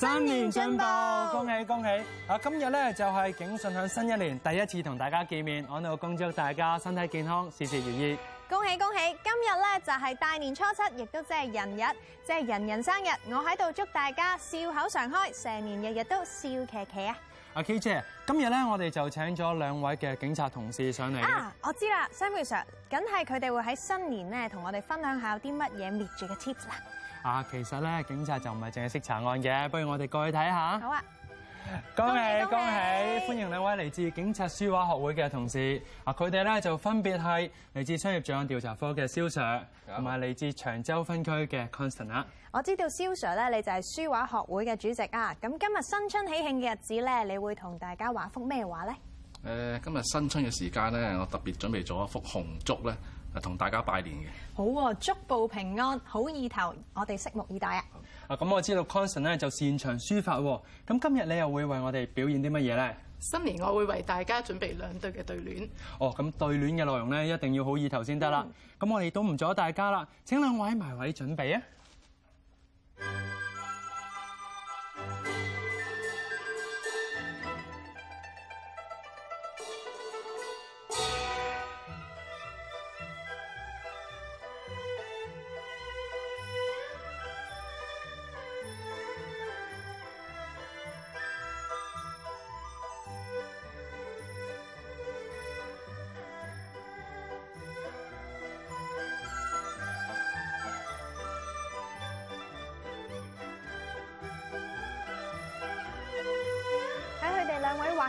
新年,新年進步，恭喜恭喜！啊，今日咧就係、是、警訊響新一年第一次同大家見面，我喺度恭祝大家身體健康，事事如意。恭喜恭喜！今日咧就係、是、大年初七，亦都即係人日，即、就、係、是、人人生日，我喺度祝大家笑口常開，成年日日都笑騎騎啊！阿 K 姐，KJ, 今日咧我哋就請咗兩位嘅警察同事上嚟啊！我知啦，Samuel Sir，梗係佢哋會喺新年咧同我哋分享一下有啲乜嘢滅罪嘅 tips 啦。啊，其實咧，警察就唔係淨係識查案嘅，不如我哋過去睇下。好啊！恭喜恭喜，恭喜，歡迎兩位嚟自警察書畫學會嘅同事。啊，佢哋咧就分別係嚟自商業罪案調查科嘅蕭 Sir，同埋嚟自長洲分區嘅 Constable。我知道蕭 Sir 咧，你就係書畫學會嘅主席啊。咁今日新春喜慶嘅日子咧，你會同大家畫幅咩畫咧？誒、呃，今日新春嘅時間咧，我特別準備咗一幅紅竹咧。同大家拜年嘅。好、啊，竹報平安，好意頭。我哋拭目以待啊，好好啊！啊，咁、啊啊、我知道孔 Sir 咧就擅長書法喎、啊。咁今日你又會為我哋表演啲乜嘢咧？新年我會為大家準備兩對嘅對聯、嗯。哦、嗯，咁、啊、對聯嘅內容咧一定要好意頭先得啦。咁我哋都唔阻大家啦，請兩位埋位準備啊！嗯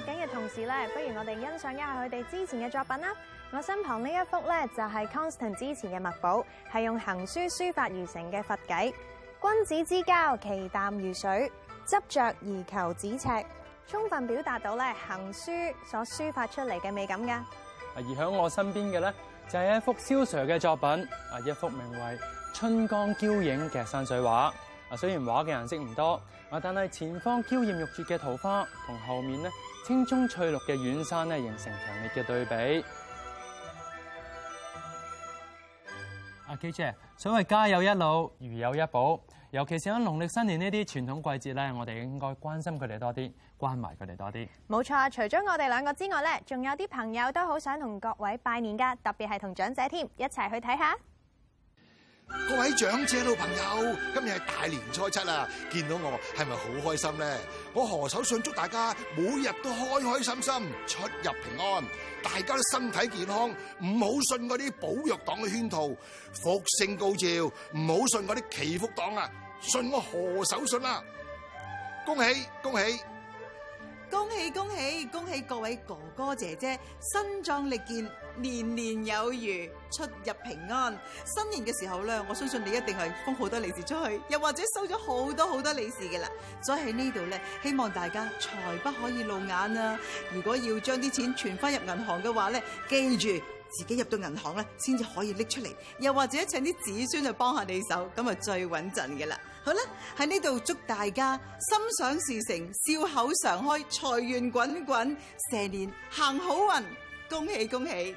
嘅同時咧，不如我哋欣賞一下佢哋之前嘅作品啦。我身旁呢一幅咧就係、是、Constant 之前嘅墨寶，係用行書書法完成嘅佛偈。君子之交，其淡如水，執着而求咫尺，充分表達到咧行書所書發出嚟嘅美感㗎。而喺我身邊嘅咧就係、是、一幅蕭 Sir 嘅作品，啊一幅名為《春光嬌影》嘅山水畫。啊，雖然畫嘅顏色唔多啊，但係前方嬌豔欲絕嘅桃花同後面咧。青蔥翠綠嘅遠山咧，形成強烈嘅對比。阿 K 姐，所謂家有一老，如有一寶，尤其是，喺農曆新年呢啲傳統季節咧，我哋應該關心佢哋多啲，關懷佢哋多啲。冇錯，除咗我哋兩個之外咧，仲有啲朋友都好想同各位拜年噶，特別係同長者添，一齊去睇下。各位長者老朋友，今日係大年初七啦！見到我係咪好開心咧？我何守信祝大家每日都開開心心，出入平安，大家身體健康，唔好信嗰啲寶藥黨嘅圈套，福星高照，唔好信嗰啲祈福黨啊！信我何守信啦！恭喜恭喜！恭喜恭喜恭喜各位哥哥姐姐，身壯力健，年年有餘，出入平安。新年嘅時候咧，我相信你一定係封好多利是出去，又或者收咗好多好多利是噶啦。所以喺呢度咧，希望大家財不可以露眼啊！如果要將啲錢存翻入銀行嘅話咧，記住自己入到銀行咧，先至可以拎出嚟，又或者請啲子孫去幫下你手，咁啊最穩陣噶啦。好啦，喺呢度祝大家心想事成、笑口常開，財源滾滾，蛇年行好運，恭喜恭喜！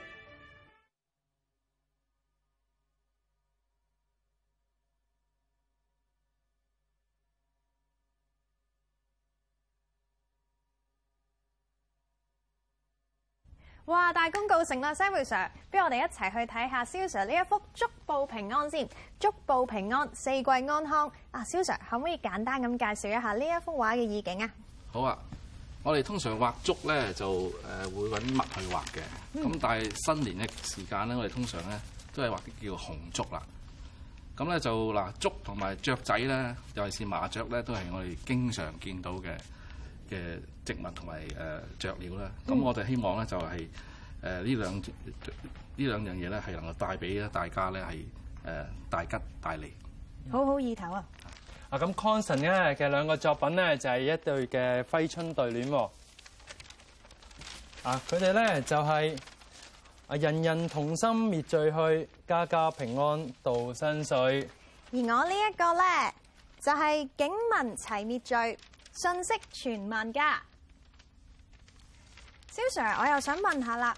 哇！大功告成啦，Sam sir，不如我哋一齊去睇下蕭 Sir 呢一幅竹報平安先。竹報平安，四季安康。啊，蕭 Sir，可唔可以簡單咁介紹一下呢一幅畫嘅意境啊？好啊，我哋通常畫竹咧就誒會揾墨去畫嘅。咁、嗯、但係新年嘅時間咧，我哋通常咧都係畫啲叫紅竹啦。咁咧就嗱，竹同埋雀仔咧，尤其是麻雀咧，都係我哋經常見到嘅。嘅植物同埋誒雀鳥啦，咁我哋希望咧就係誒呢兩呢兩樣嘢咧，係能夠帶俾咧大家咧係誒大吉大利，嗯、好好意頭啊！啊咁 Consen 咧嘅兩個作品咧就係、是、一對嘅揮春對聯喎。啊，佢哋咧就係、是、啊人人同心滅罪去，家家平安度新歲。而我這呢一個咧就係警民齊滅罪。信息全萬家。蕭 Sir，我又想問下啦。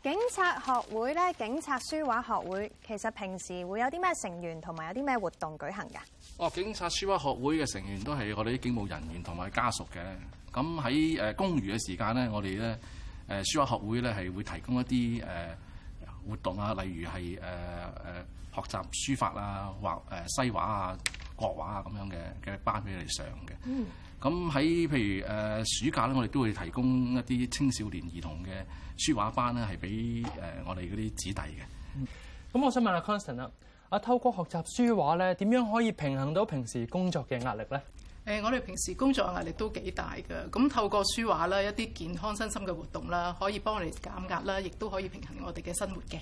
警察學會咧，警察書畫學會，其實平時會有啲咩成員同埋有啲咩活動舉行噶？哦，警察書畫學會嘅成員都係我哋啲警務人員同埋家屬嘅。咁喺誒公餘嘅時間咧，我哋咧誒書畫學會咧係會提供一啲誒活動啊，例如係誒誒學習書法啦、誒西畫啊、國畫啊咁樣嘅嘅班俾你上嘅。嗯。咁喺譬如誒暑假咧，我哋都會提供一啲青少年兒童嘅書畫班咧，係俾誒我哋嗰啲子弟嘅。咁、嗯、我想問阿、啊、Constant 啊，阿透過學習書畫咧，點樣可以平衡到平時工作嘅壓力咧？誒、呃，我哋平時工作壓力都幾大嘅，咁透過書畫啦，一啲健康身心嘅活動啦，可以幫我哋減壓啦，亦都可以平衡我哋嘅生活嘅。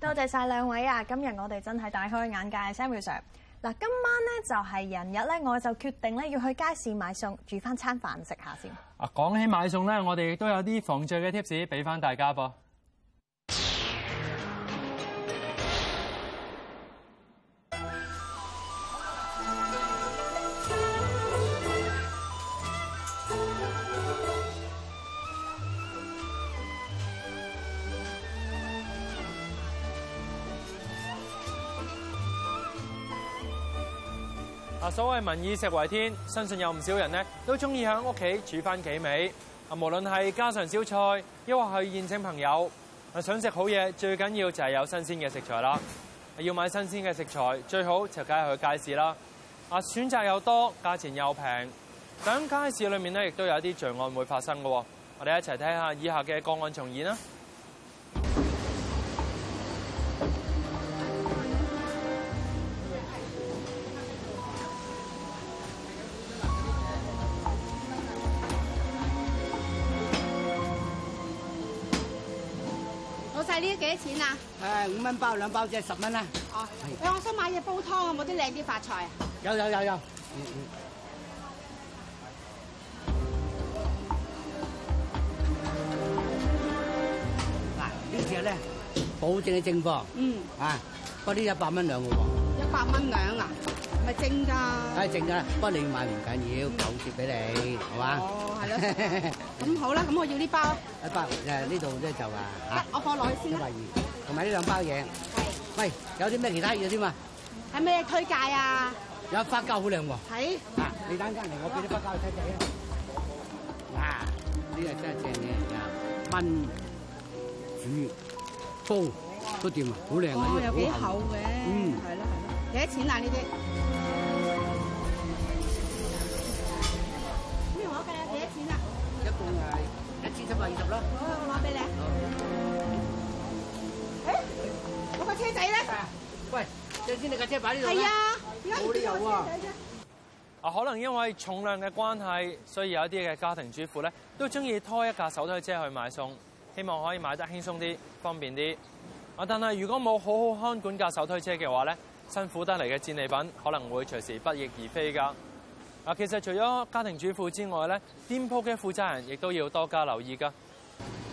多謝晒兩位啊！今日我哋真係大開眼界，Samuel Sir。今晚呢，就係人日呢，我就決定要去街市買餸，煮翻餐飯食下先。啊，講起買餸呢，我哋亦都有啲防罪嘅貼士俾翻大家噃。啊！所謂民以食為天，相信有唔少人呢都中意喺屋企煮翻幾味。啊，無論係家常小菜，亦或係宴請朋友，啊，想食好嘢，最緊要就係有新鮮嘅食材啦。要買新鮮嘅食材，最好就梗係去街市啦。啊，選擇又多，價錢又平。但街市裏面呢亦都有一啲罪案會發生嘅。我哋一齊睇下以下嘅個案重演啦。呢啲幾多錢啊？誒，五蚊包兩包即係十蚊啦。啊。哦，我想買嘢煲湯，有冇啲靚啲發菜啊？有有有有。嗱， 這呢隻咧保證嘅正貨。嗯。這些啊，嗰啲一百蚊兩個。一百蚊兩啊？係正噶，係正噶，不過你要買唔緊要，九折俾你，好嘛？哦，係咯。咁好啦，咁我要呢包。啊包誒，呢度咧就啊，得我放落去先啦。同埋呢兩包嘢。係。喂，有啲咩其他嘢添啊？係咩推介啊？有花膠好靚喎。係。啊，你等間嚟，我俾啲花膠睇睇啊。啊，呢個真係正嘅，燜、煮、煲都掂啊，好靚啊！哦，有幾厚嘅。嗯。係咯係咯。幾多錢啊？呢啲？咯、欸，我攞俾你。我架車仔咧，喂，你架車擺呢度啊？係啊，而家冇理由啊？啊，可能因為重量嘅關係，所以有一啲嘅家庭主婦咧，都中意拖一架手推車去買餸，希望可以買得輕鬆啲，方便啲。啊，但係如果冇好好看管架手推車嘅話咧，辛苦得嚟嘅戰利品可能會隨時不翼而飛噶。其實除咗家庭主婦之外咧，店鋪嘅負責人亦都要多加留意噶。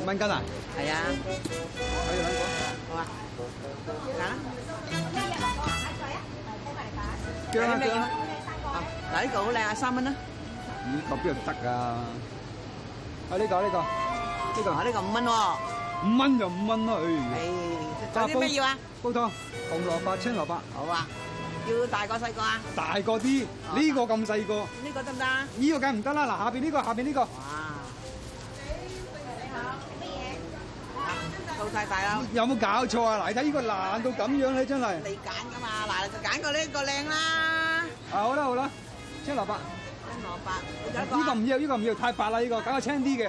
五蚊斤啊！係啊，睇住搵過，好啊。啊，咩嘢？我話睇住啊，好麻煩。叫啊叫啊，嗱呢個好靚啊，三蚊啦。呢個邊度得噶？啊呢個呢個，呢個吓呢個五蚊喎。五蚊就五蚊咯，誒，有啲咩要啊？煲湯，紅蘿蔔、青蘿蔔，好啊。要大個細個啊？大個啲，呢個咁細個。呢個得唔得？呢個梗係唔得啦！嗱，下邊呢個，下邊呢個。有冇搞錯啊！嚟睇呢個爛到咁樣咧，真係。你揀噶嘛？嗱，就揀個呢個靚啦。啊，好啦好啦，青蘿蔔。青蘿蔔。呢個唔要，呢個唔要，太白啦呢個，揀個青啲嘅。係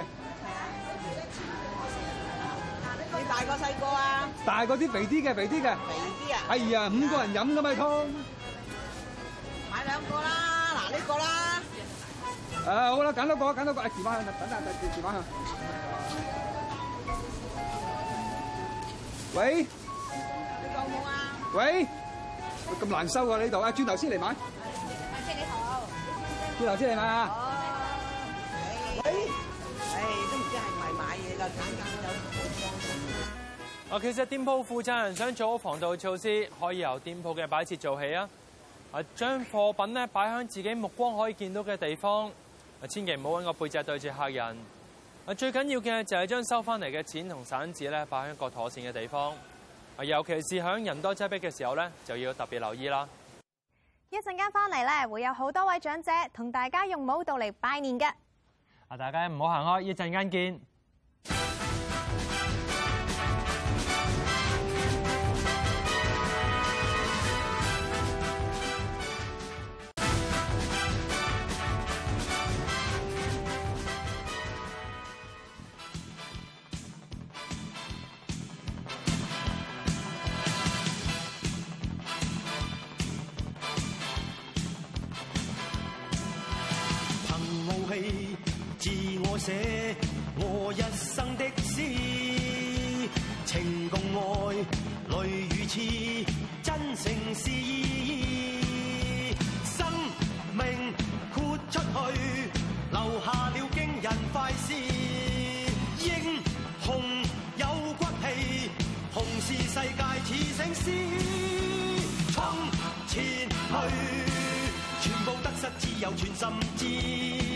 啊。你大個細個啊？大個啲肥啲嘅，肥啲嘅。肥啲啊？係啊，五個人飲噶嘛湯。買兩個啦，嗱呢個啦。啊，好啦，揀多個，揀多個，啊，遲翻去，等等，再遲翻去。喂，喂，喂啊？啊？喂？咁難收啊呢度。啊轉頭先嚟買。阿姐你好，轉頭先嚟買？誒，誒、哦哎，都唔知係咪買嘢啦，簡單走。啊，其實店鋪負責人想做好防盜措施，可以由店鋪嘅擺設做起啊。啊，將貨品咧擺喺自己目光可以見到嘅地方，啊，千祈唔好搵個背脊對住客人。最緊要嘅就係將收翻嚟嘅錢同散紙咧，擺喺一個妥善嘅地方。尤其是喺人多擠迫嘅時候咧，就要特別留意啦。一陣間翻嚟咧，會有好多位長者同大家用舞蹈嚟拜年嘅。啊！大家唔好行開，一陣間見。寫我一生的詩，情共愛，淚與痴，真誠是意義。生命豁出去，留下了驚人快事。英雄有骨氣，雄視世界似醒獅。衝前去，全部得失自由全心志。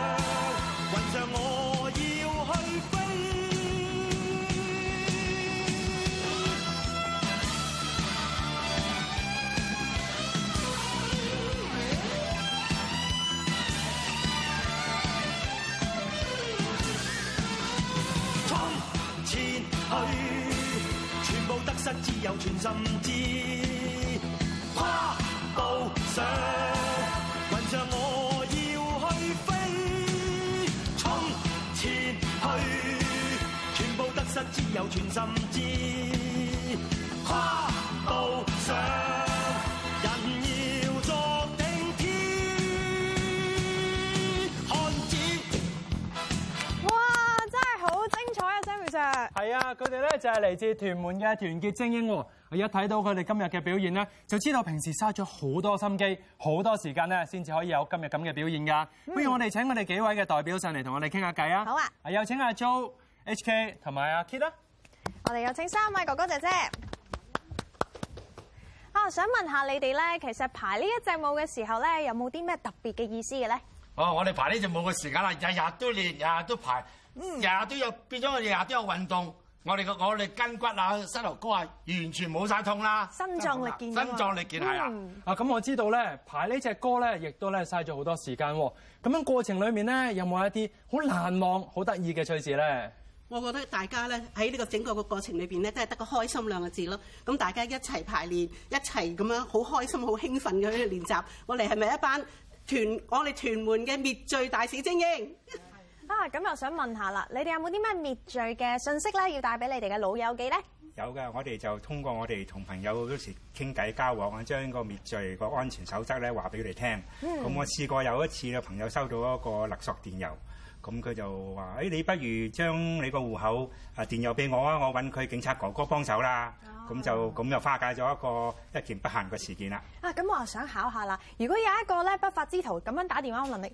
係啊，佢哋咧就係嚟自屯門嘅團結精英喎。我一睇到佢哋今日嘅表現咧，就知道平時嘥咗好多心機、好多時間咧，先至可以有今日咁嘅表現噶、嗯。不如我哋請我哋幾位嘅代表上嚟同我哋傾下偈啊。好啊。啊，有請阿 Joe、HK 同埋阿 Kit 啦。我哋有請三位哥哥姐姐。啊，想問下你哋咧，其實排呢一隻舞嘅時候咧，有冇啲咩特別嘅意思嘅咧？哦，我哋排呢隻舞嘅時間啦，日日都練，日日都排。嗯，日日都有變咗，日日都有運動，我哋個我哋筋骨啊、膝頭哥、嗯嗯、啊，完全冇晒痛啦。身壯力健，身壯力健係啊，咁、嗯啊嗯啊啊嗯嗯、我知道咧，排呢隻歌咧，亦都咧嘥咗好多時間喎。咁樣過程裏面咧，有冇一啲好難忘、好得意嘅趣事咧？我覺得大家咧喺呢個整個個過程裏面咧，都係得個開心兩個字咯。咁大家一齊排練，一齊咁樣好開心、好興奮嘅去練習。嗯、我哋係咪一班團我哋屯門嘅滅罪大使精英？ 啊，咁又想問下啦，你哋有冇啲咩滅罪嘅信息咧，要帶俾你哋嘅老友記咧？有噶，我哋就通過我哋同朋友嗰時傾偈交往啊，將個滅罪個安全守則咧話俾佢哋聽。咁、嗯、我試過有一次，個朋友收到一個勒索電郵，咁佢就話：誒、欸，你不如將你個戶口啊電郵俾我啊，我揾佢警察哥哥幫手啦。咁、啊、就咁又化解咗一個一件不幸嘅事件啦。啊，咁我又想考下啦，如果有一個咧不法之徒咁樣打電話我能力。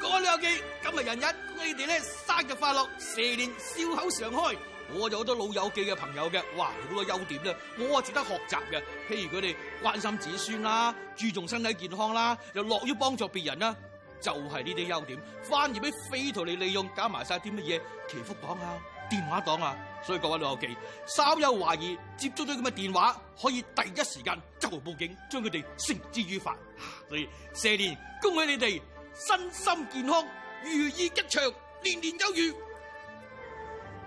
各位老友記，今日人日，你哋咧，生日快樂，蛇年笑口常開。我有好多老友記嘅朋友嘅，哇，好多優點咧，我啊值得學習嘅。譬如佢哋關心子孫啦，注重身體健康啦，又樂於幫助別人啦，就係呢啲優點，反而俾匪徒嚟利用，搞埋晒啲乜嘢祈福黨、啊、電話黨啊。所以各位老友記，稍有懷疑，接觸咗咁嘅電話，可以第一時間周報警，將佢哋繩之於法。所以蛇年恭喜你哋。身心健康，如意吉祥，年年有餘。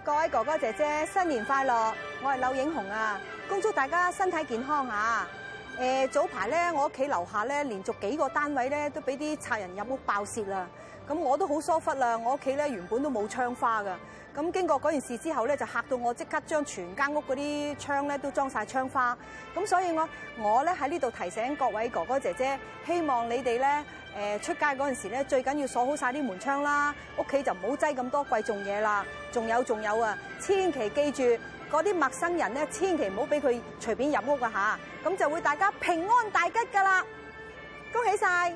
各位哥哥姐姐，新年快樂！我係柳影紅啊，恭祝大家身體健康啊！誒、呃，早排咧，我屋企樓下咧，連續幾個單位咧，都俾啲賊人入屋爆竊啦。咁我都好疏忽啦，我屋企咧，原本都冇窗花噶。咁經過嗰件事之後咧，就嚇到我即刻將全間屋嗰啲窗咧都裝晒窗花。咁所以我我咧喺呢度提醒各位哥哥姐姐，希望你哋咧、呃、出街嗰陣時咧最緊要鎖好晒啲門窗啦，屋企就唔好擠咁多貴重嘢啦。仲有仲有啊，千祈記住嗰啲陌生人咧，千祈唔好俾佢隨便入屋㗎啊吓。咁就會大家平安大吉㗎啦！恭喜晒！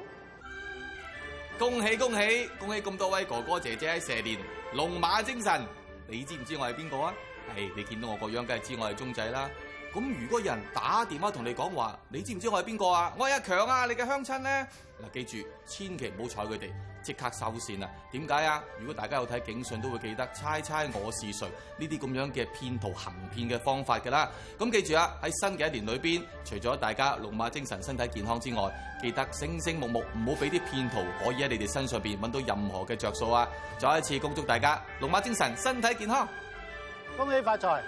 恭喜恭喜恭喜咁多位哥哥姐姐喺蛇年！龍馬精神，你知唔知我係邊個啊？係、哎、你見到我個樣，梗係知我係中仔啦。咁如果有人打電話同你講話，你知唔知我係邊個啊？我係阿強啊，你嘅鄉親咧。嗱，記住，千祈唔好睬佢哋。即刻收線啦！點解啊？如果大家有睇警訊，都會記得猜猜我是誰呢啲咁樣嘅騙徒行騙嘅方法㗎喇。咁記住啊！喺新嘅一年裏邊，除咗大家龍馬精神、身體健康之外，記得醒醒目目唔好俾啲騙徒可以喺你哋身上邊搵到任何嘅着數啊！再一次恭祝大家龍馬精神、身體健康，恭喜發財，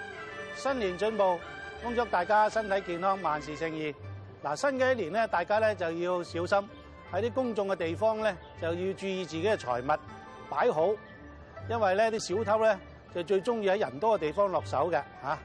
新年進步，恭祝大家身體健康、萬事勝意。嗱，新嘅一年咧，大家咧就要小心。喺啲公眾嘅地方咧，就要注意自己嘅財物擺好，因為咧啲小偷咧就最中意喺人多嘅地方落手嘅嚇。啊，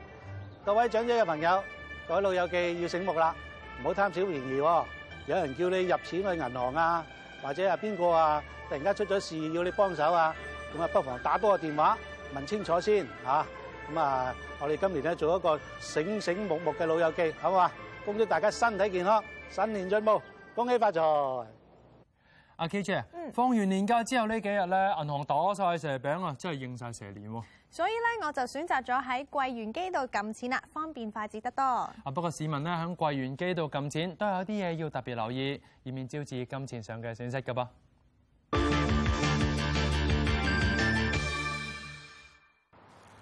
各位長者嘅朋友，各位老友記要醒目啦，唔好貪小便宜喎、哦。有人叫你入錢去銀行啊，或者係邊個啊，突然間出咗事要你幫手啊，咁啊不妨打多個電話問清楚先嚇。咁啊，啊，我哋今年咧做一個醒醒目目嘅老友記，好嘛？恭祝大家身體健康，新年進步。恭喜發財，阿 K 姐、嗯。放完年假之後呢幾日咧，銀行打晒蛇餅啊，真係應晒蛇年喎。所以咧，我就選擇咗喺櫃員機度撳錢啦，方便快捷得多。啊，不過市民咧喺櫃員機度撳錢都有一啲嘢要特別留意，以免招致金錢上嘅損失噶噃。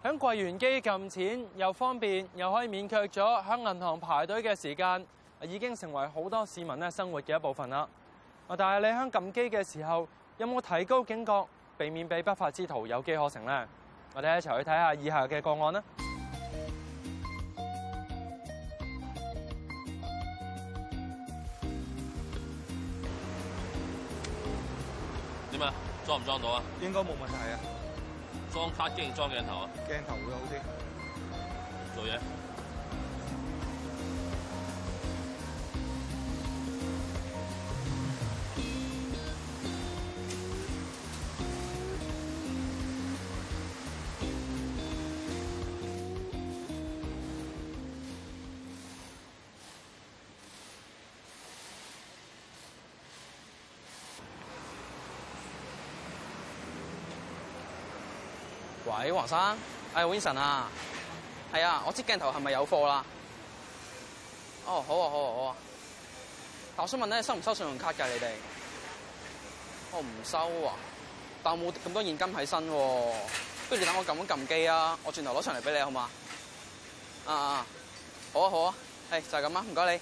喺櫃員機撳錢又方便，又可以免卻咗喺銀行排隊嘅時間。已經成為好多市民咧生活嘅一部分啦。但係你響撳機嘅時候，有冇提高警覺，避免被不法之徒有機可乘咧？我哋一齊去睇下以下嘅個案啦。點啊？裝唔裝到啊？應該冇問題啊。裝卡機定裝鏡頭啊？鏡頭會好啲。做嘢。喂，黃生，係、哎、Vincent 啊，係啊，我知鏡頭係咪有貨啦？哦，好啊，好啊，好啊。但我想問咧，收唔收信用卡㗎你哋？我、哦、唔收啊，但我冇咁多現金喺身，啊，不如你等我撳一撳機啊，我轉頭攞上嚟俾你好嘛？啊，啊，好啊，好啊，係、哎、就係咁啦，唔該你。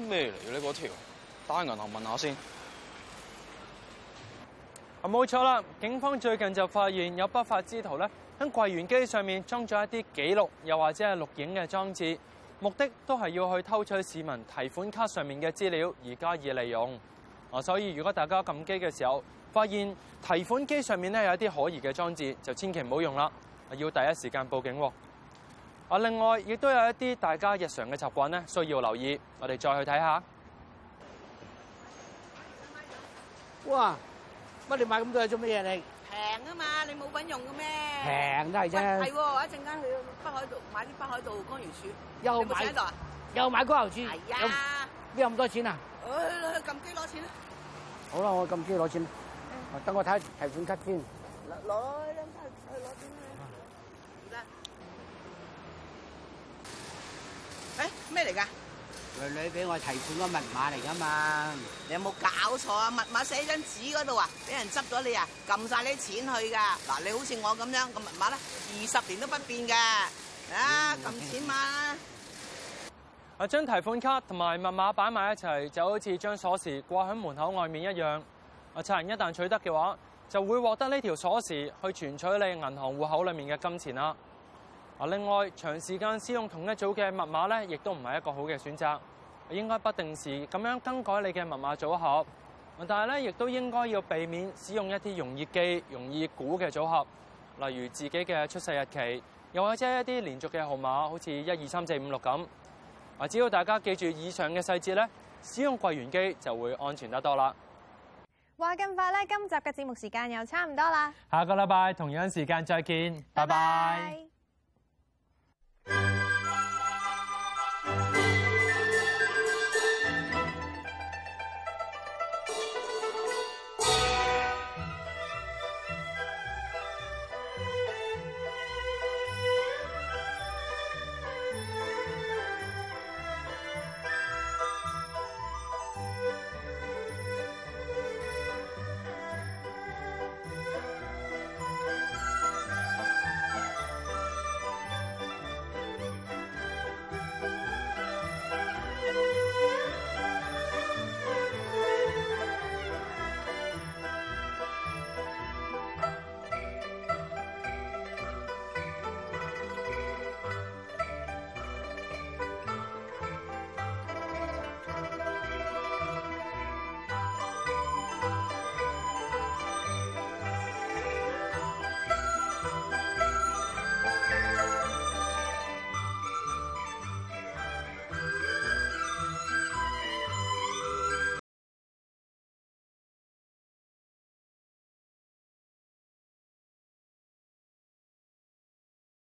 咩嚟嘅呢？嗰條打銀行問下先。啊，冇錯啦，警方最近就發現有不法之徒呢，喺櫃員機上面裝咗一啲記錄又或者係錄影嘅裝置，目的都係要去偷取市民提款卡上面嘅資料而加以利用。啊，所以如果大家撳機嘅時候發現提款機上面呢，有一啲可疑嘅裝置，就千祈唔好用啦，要第一時間報警喎。啊！另外，亦都有一啲大家日常嘅習慣咧，需要留意。我哋再去睇下。哇！乜你買咁多嘢做咩嘢你？平啊嘛，你冇品用嘅咩？平都係啫。係喎，一陣間去北海道買啲北海道乾魚柱。又買？又買乾魚柱？係啊！邊有咁多錢啊？我去撳機攞錢啦！好啦，我撳機攞錢啦。等我睇提款卡先。攞！去攞錢。誒，咩嚟噶？女女俾我提款個密碼嚟噶嘛？你有冇搞錯啊？密碼寫喺張紙嗰度啊？俾人執咗你啊？撳晒啲錢去噶？嗱，你好似我咁樣個密碼咧，二十年都不變嘅。啊，撳錢嘛？啊，將提款卡同埋密碼擺埋一齊，就好似將鎖匙掛喺門口外面一樣。啊，賊人一旦取得嘅話，就會獲得呢條鎖匙去存取你銀行戶口裏面嘅金錢啦。另外，長時間使用同一組嘅密碼咧，亦都唔係一個好嘅選擇。應該不定時咁樣更改你嘅密碼組合。但係咧，亦都應該要避免使用一啲容易記、容易估嘅組合，例如自己嘅出世日期，又或者一啲連續嘅號碼，好似一二三四五六咁。只要大家記住以上嘅細節咧，使用櫃員機就會安全得多啦。話咁快咧，今集嘅節目時間又差唔多啦。下個禮拜同樣時間再見，拜拜。Bye bye。